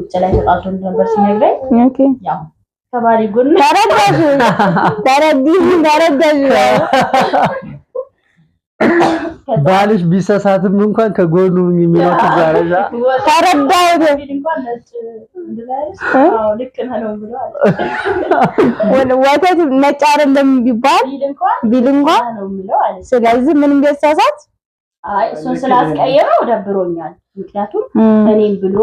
ውጭ ላይ ተጣልቶ እንደነበር ሲነግረኝ ያው ከባሪ ጎን ተረዳሽ ተረዲህ ተረዳሽ ባልሽ ቢሰሳትም እንኳን ከጎኑ የሚኖር ተዛረዛ ተረዳው ወተት ነጭ አይደለም ቢባል ቢል እንኳን ስለዚህ ምንም ቢሰሳት አይ እሱን ስላስቀየረው ደብሮኛል ምክንያቱም እኔም ብሎ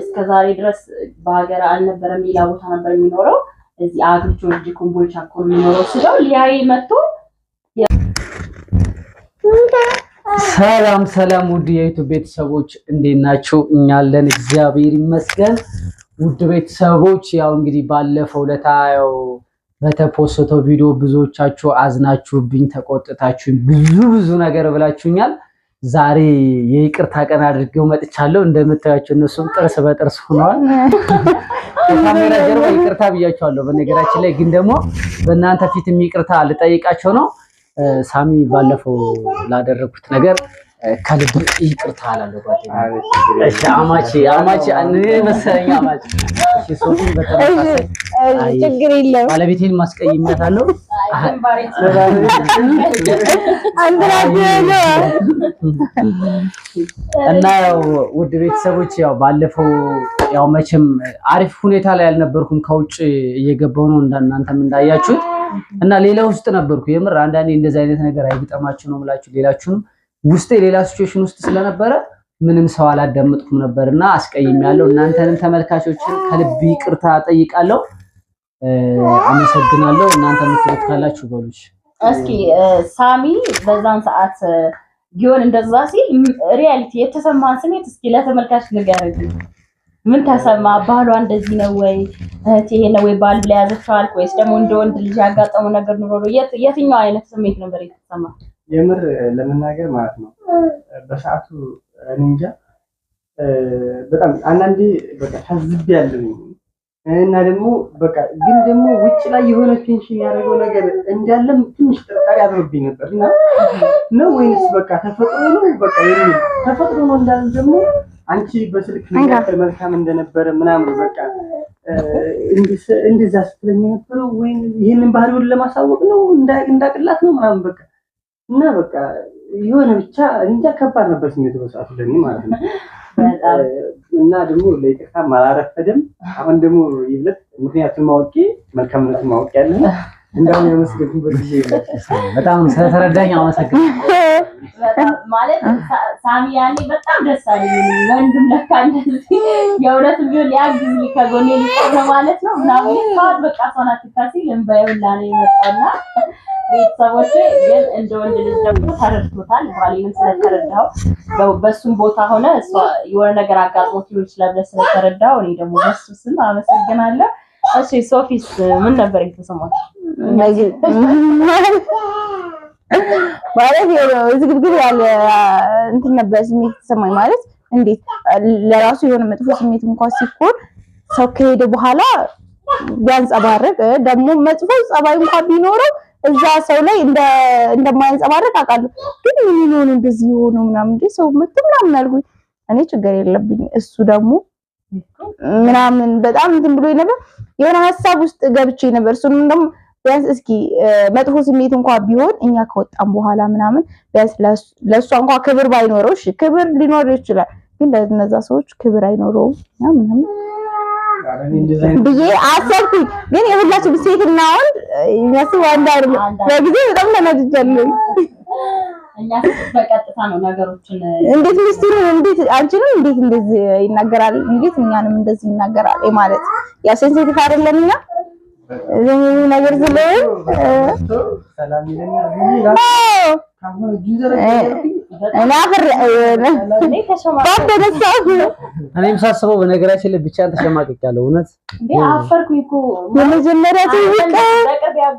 እስከ ዛሬ ድረስ በሀገር አልነበረም፣ ሌላ ቦታ ነበር የሚኖረው። እዚህ አግብቶ ልጅ ኮምቦልቻ እኮ የሚኖረው ስለው ሊያይ መጥቶ ሰላም ሰላም፣ ውድ የዩቱብ ቤተሰቦች እንዴት ናችሁ? እኛ አለን እግዚአብሔር ይመስገን። ውድ ቤተሰቦች ያው እንግዲህ ባለፈው ለታ ያው በተፖስተው ቪዲዮ ብዙዎቻችሁ አዝናችሁብኝ፣ ተቆጥታችሁኝ ብዙ ብዙ ነገር ብላችሁኛል። ዛሬ የይቅርታ ቀን አድርገው መጥቻለሁ። እንደምታያቸው እነሱም ጥርስ በጥርስ ሆነዋል። ካሜራ ጀርባ ይቅርታ ብያቸዋለሁ። በነገራችን ላይ ግን ደግሞ በእናንተ ፊትም ይቅርታ ልጠይቃቸው ነው። ሳሚ ባለፈው ላደረግኩት ነገር ከልብ ይቅርታ አላለሁ። እሺ አማቼ አማቼ መሰለኝ አማቼ። ችግር የለም ባለቤቴን ማስቀይሜያታለሁ። እና ያው ውድ ቤተሰቦች ያው ባለፈው ያው መቼም አሪፍ ሁኔታ ላይ አልነበርኩም። ከውጭ እየገባው ነው እናንተም እንዳያችሁት እና ሌላ ውስጥ ነበርኩ። የምር አንዳንዴ እንደዚህ አይነት ነገር አይገጠማችሁ ነው ምላችሁ ሌላችሁንም ውስጤ ሌላ ሲቹዌሽን ውስጥ ስለነበረ ምንም ሰው አላዳመጥኩም ነበር እና ያለው እናንተንም ተመልካቾችን ከልብ ይቅርታ ጠይቃለሁ። አመሰግናለሁ። እናንተ የምትሉት ካላችሁ እስኪ ሳሚ በዛን ሰዓት ጊዮን እንደዛ ሲል ሪያሊቲ የተሰማን ስሜት እስኪ ለተመልካች ንገረኝ። ምን ተሰማ? ባህሏ እንደዚህ ነው ወይ እህት ይሄ ነው ወይ ባል ብላ ያዘችው አልክ ወይስ ደግሞ እንደ ወንድ ልጅ ያጋጠመው ነገር ኑሮ የትኛው አይነት ስሜት ነበር የተሰማ? የምር ለመናገር ማለት ነው በሰዓቱ እኔ እንጃ በጣም አንዳንዴ በቃ ታዝቤያለሁ እና ደግሞ በቃ ግን ደግሞ ውጭ ላይ የሆነ ቴንሽን ያደረገው ነገር እንዳለም ትንሽ ጥርጣሬ አድሮብኝ ነበር። እና ነው ወይንስ በቃ ተፈጥሮ ነው? በቃ የሚል ተፈጥሮ ነው እንዳለ ደግሞ አንቺ በስልክ ነገር መልካም እንደነበረ ምናምን በቃ እንደዛ ስትለኝ ነበረው ወይ ይህንን ባህሪውን ለማሳወቅ ነው እንዳቅላት ነው ምናምን በቃ እና በቃ የሆነ ብቻ እንጃ ከባድ ነበር ስሜት በሰዓቱ ለእኔ ማለት ነው። እና ደግሞ ለይቅርታም አላረፈደም። አሁን ደግሞ ይብለት ምክንያቱን ማወቂ መልካምነቱን ማወቅ ያለ እንዳሁን ያመስገንኩበት ጊዜ በጣም ስለተረዳኝ አመሰግናለሁ። ማለት ሳሚ ያኔ በጣም ደስ አለኝ። ወንድም ለካ እንደዚህ የእውነት ቢሆን ሊያግዝ ከጎኔ ሊቀር ማለት ነው ምናምን ማለት በቃ ሰውን አትካሲ ልንባይ ነው የመጣና ቤተሰቦች ግን እንደ ወንድ ልጅ ደግሞ ተረድቶታል። ባሌንም ስለተረዳው በሱም ቦታ ሆነ የሆነ ነገር አጋጥሞት ሊሆን ይችላል ስለተረዳው እኔ ደግሞ በሱ ስም አመሰግናለሁ። እሺ ሶፊስ ምን ነበር የተሰማው? ማለት ዝግብግብ ያለ እንትን ነበር ስሜት የተሰማኝ። ማለት እንዴት ለራሱ የሆነ መጥፎ ስሜት እንኳን ሲኮን ሰው ከሄደ በኋላ ቢያንጸባርቅ ደግሞ መጥፎ ጸባይ እንኳን ቢኖረው እዛ ሰው ላይ እንደማያንጸባርቅ አውቃለሁ። ግን ምን ሆን እንደዚህ የሆነ ምናምን እንዴ ሰው ምት ምናምን አልኩኝ። እኔ ችግር የለብኝ እሱ ደግሞ ምናምን በጣም እንትን ብሎ ነበር። የሆነ ሀሳብ ውስጥ ገብቼ ነበር እሱንም ደግሞ ቢያንስ እስኪ መጥፎ ስሜት እንኳ ቢሆን እኛ ከወጣም በኋላ ምናምን ቢያንስ ለእሷ እንኳ ክብር ባይኖረው፣ እሺ ክብር ሊኖረው ይችላል፣ ግን ለነዛ ሰዎች ክብር አይኖረውም ምናምን ብዬ አሰብኩኝ። ግን የሁላችን ሴትና ወንድ የሚያስብ አንድ አይደለም። በጊዜ በጣም ተናድጃለሁ። እንዴት ሚስቱንም እንዴት አንቺንም እንዴት እንደዚህ ይናገራል፣ እንዴት እኛንም እንደዚህ ይናገራል ማለት ያ ሴንሲቲቭ አይደለም እኛ ለምን ነገር ስለሆነ ሳስበው በነገራችን ላይ እውነት የመጀመሪያ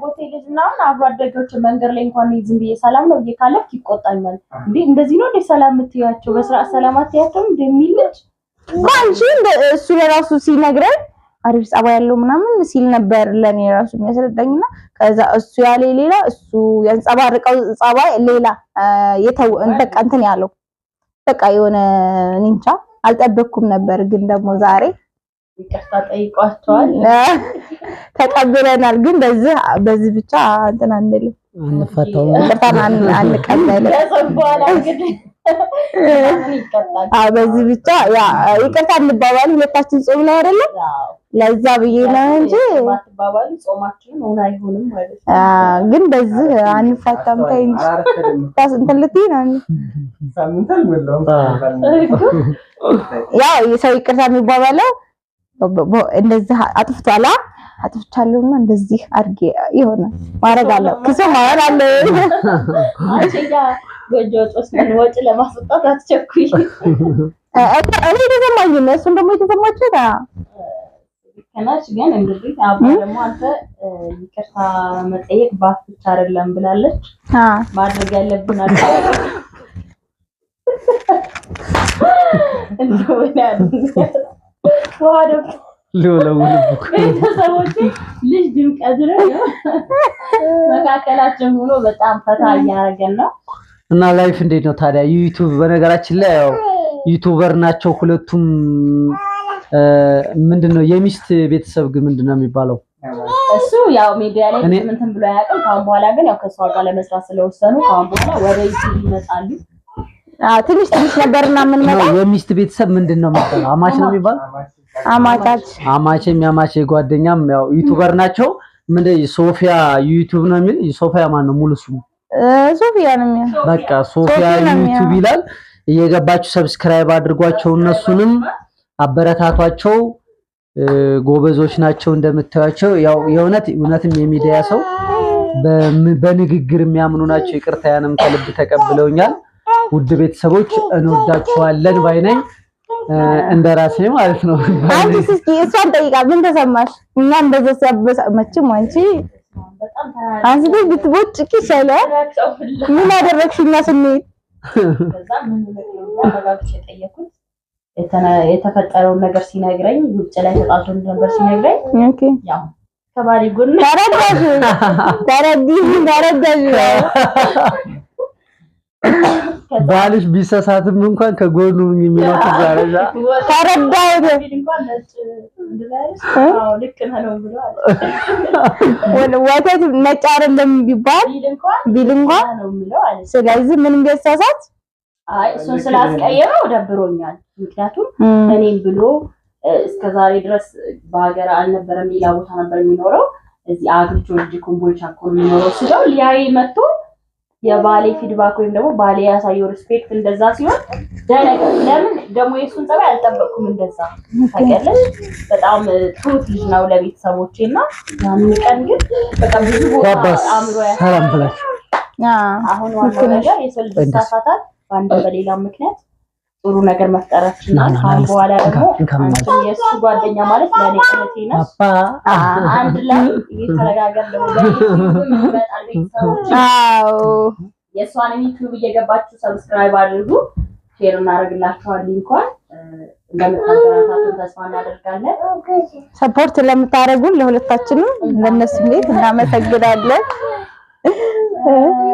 በቅርብ ልጅ ምናምን አብሮ መንገድ ላይ እንኳን ዝም ብዬ ሰላም ነው ብዬ ካለፍክ ይቆጣኛል። እንዴ እንደዚህ ነው ሰላም የምትያቸው በስርዓት ሰላም አትያቸውም እሱ ለራሱ ሲነግረን አሪፍ ጸባይ ያለው ምናምን ሲል ነበር ለኔ ራሱ የሚያስረዳኝና ከዛ እሱ ያለ ሌላ እሱ ያንጸባርቀው ጸባይ ሌላ የተው በቃ እንትን ያለው በቃ የሆነ እንጃ አልጠበኩም ነበር። ግን ደግሞ ዛሬ ይቅርታ ጠይቋቸዋል ተቀብለናል። ግን በዚህ በዚህ ብቻ እንትን አንልም፣ አንፈታውም፣ አዎ በዚህ ብቻ ያ ይቅርታ እንባባል። ሁለታችን ጾም ነው አይደለም ለዛ ብዬ ነው እንጂ ግን በዚህ አንፋታም። ታይ እንጂ ታስ እንትን ልትይ ነው ያው የሰው ይቅርታ የሚባባለው እንደዚህ አጥፍቷላ አጥፍቻለሁና እንደዚህ አድርጌ የሆነ ማድረግ አለው ክሶ ማድረግ አለ ጎጆ ወጪ ለማስወጣት አትቸኩይ። እኔ የተሰማኝ እሱን ደግሞ የተሰማቸው ከናች ግን እንግዲህ አባ ደግሞ አንተ ይቅርታ መጠየቅ ባፍ ብቻ አይደለም ብላለች። ማድረግ ያለብን አለ ቤተሰቦች ልጅ ድምቀ ድረ መካከላችን ሆኖ በጣም ፈታ እያደረገን ነው። እና ላይፍ እንዴት ነው ታዲያ? ዩቱብ በነገራችን ላይ ያው ዩቱበር ናቸው ሁለቱም ምንድነው የሚስት ቤተሰብ ግን ምንድነው የሚባለው? እሱ ያው ሚዲያ ላይ ምን እንትን ብሎ አያውቅም። ካሁን በኋላ ግን ያው ከሷ ጋር ለመስራት ስለወሰኑ ካሁን በኋላ ወደ ዩቲዩብ ይመጣሉ። ትንሽ ትንሽ ነበርና ምን መጣ። የሚስት ቤተሰብ ምንድነው የሚባለው? አማች ነው የሚባለው። አማቻች አማችም ያማች ጓደኛም ያው ዩቲዩበር ናቸው። ምን ሶፊያ ዩቲዩብ ነው የሚል ሶፊያ ማን ነው ሙሉ ስሙ? ሶፊያ ነው የሚያ በቃ ሶፊያ ዩቲዩብ ይላል። እየገባችሁ ሰብስክራይብ አድርጓቸው እነሱንም አበረታቷቸው፣ ጎበዞች ናቸው እንደምታያቸው። ያው የእውነት እውነትም የሚዲያ ሰው በንግግር የሚያምኑ ናቸው። ይቅርታያንም ከልብ ተቀብለውኛል። ውድ ቤተሰቦች እንወዳችኋለን ባይነኝ ራሴ ማለት ነው። አንቺ እስኪ እሷን ጠይቃ ምን ተሰማሽ? እኛ እንደዛ ሲያበሳመችም አንቺ አንስቲ ብትቦጭ ይሻላል። ምን አደረግሽ? እኛ ስንሄድ የተፈጠረውን ነገር ሲነግረኝ ውጭ ላይ ተጣልቶ ነበር ሲነግረኝ፣ ያው ከባሪ ጎን ተረዳሽ ተረዳሽ ተረዳሽ። ባልሽ ቢሰሳትም እንኳን ከጎኑ የሚኖር ዛረዛ ተረዳው ወተት ነጭ አይደለም ቢባል ቢል እንኳን ስለዚህ ምንም ቢሰሳት አይ እሱን ስላስቀየረው ደብሮኛል። ምክንያቱም እኔም ብሎ እስከዛሬ ድረስ በሀገር አልነበረም፣ ሌላ ቦታ ነበር የሚኖረው። እዚህ አግሪቾ ልጅ ኮምቦልቻ እኮ የሚኖረው ስለው ሊያይ መጥቶ የባሌ ፊድባክ ወይም ደግሞ ባሌ ያሳየው ሪስፔክት እንደዛ ሲሆን ደነገ። ለምን ደግሞ የእሱን ጸባይ አልጠበቅኩም። እንደዛ ታውቂያለሽ፣ በጣም ትሁት ልጅ ነው ለቤተሰቦቼ እና ያንን ቀን ግን በጣም ብዙ ቦታ አእምሮ ያ አሁን ዋናው ነገር የሰው ልጅ ይሳሳታል በአንድ በሌላ ምክንያት ጥሩ ነገር መፍጠራችን ከአሁን በኋላ ደግሞ የእሱ ጓደኛ ማለት ለእኔ ቀለቴ ናት። አንድ ላይ እየተረጋገር ይመጣል። ቤተሰቦች የእሷን ዩቲዩብ እየገባችሁ ሰብስክራይብ አድርጉ፣ ሼር እናደርግላችኋል። እንኳን ሰፖርት ለምታደርጉን ለሁለታችንም ለነሱ ቤት እናመሰግናለን።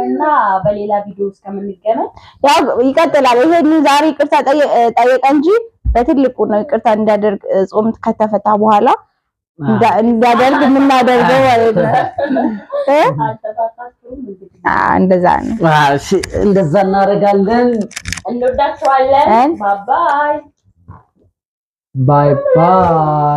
እና በሌላ ቪዲዮ እስከምንገናኝ ያው ይቀጥላል። ይሄን ዛሬ ይቅርታ ጠየቀ እንጂ በትልቁ ነው ይቅርታ እንዳደርግ ጾም ከተፈታ በኋላ እንዳደርግ የምናደርገው ማለት ነው። እንደዛ ነው። እንደዛ እናደርጋለን። እንወዳችኋለን። ባይ ባይ ባይ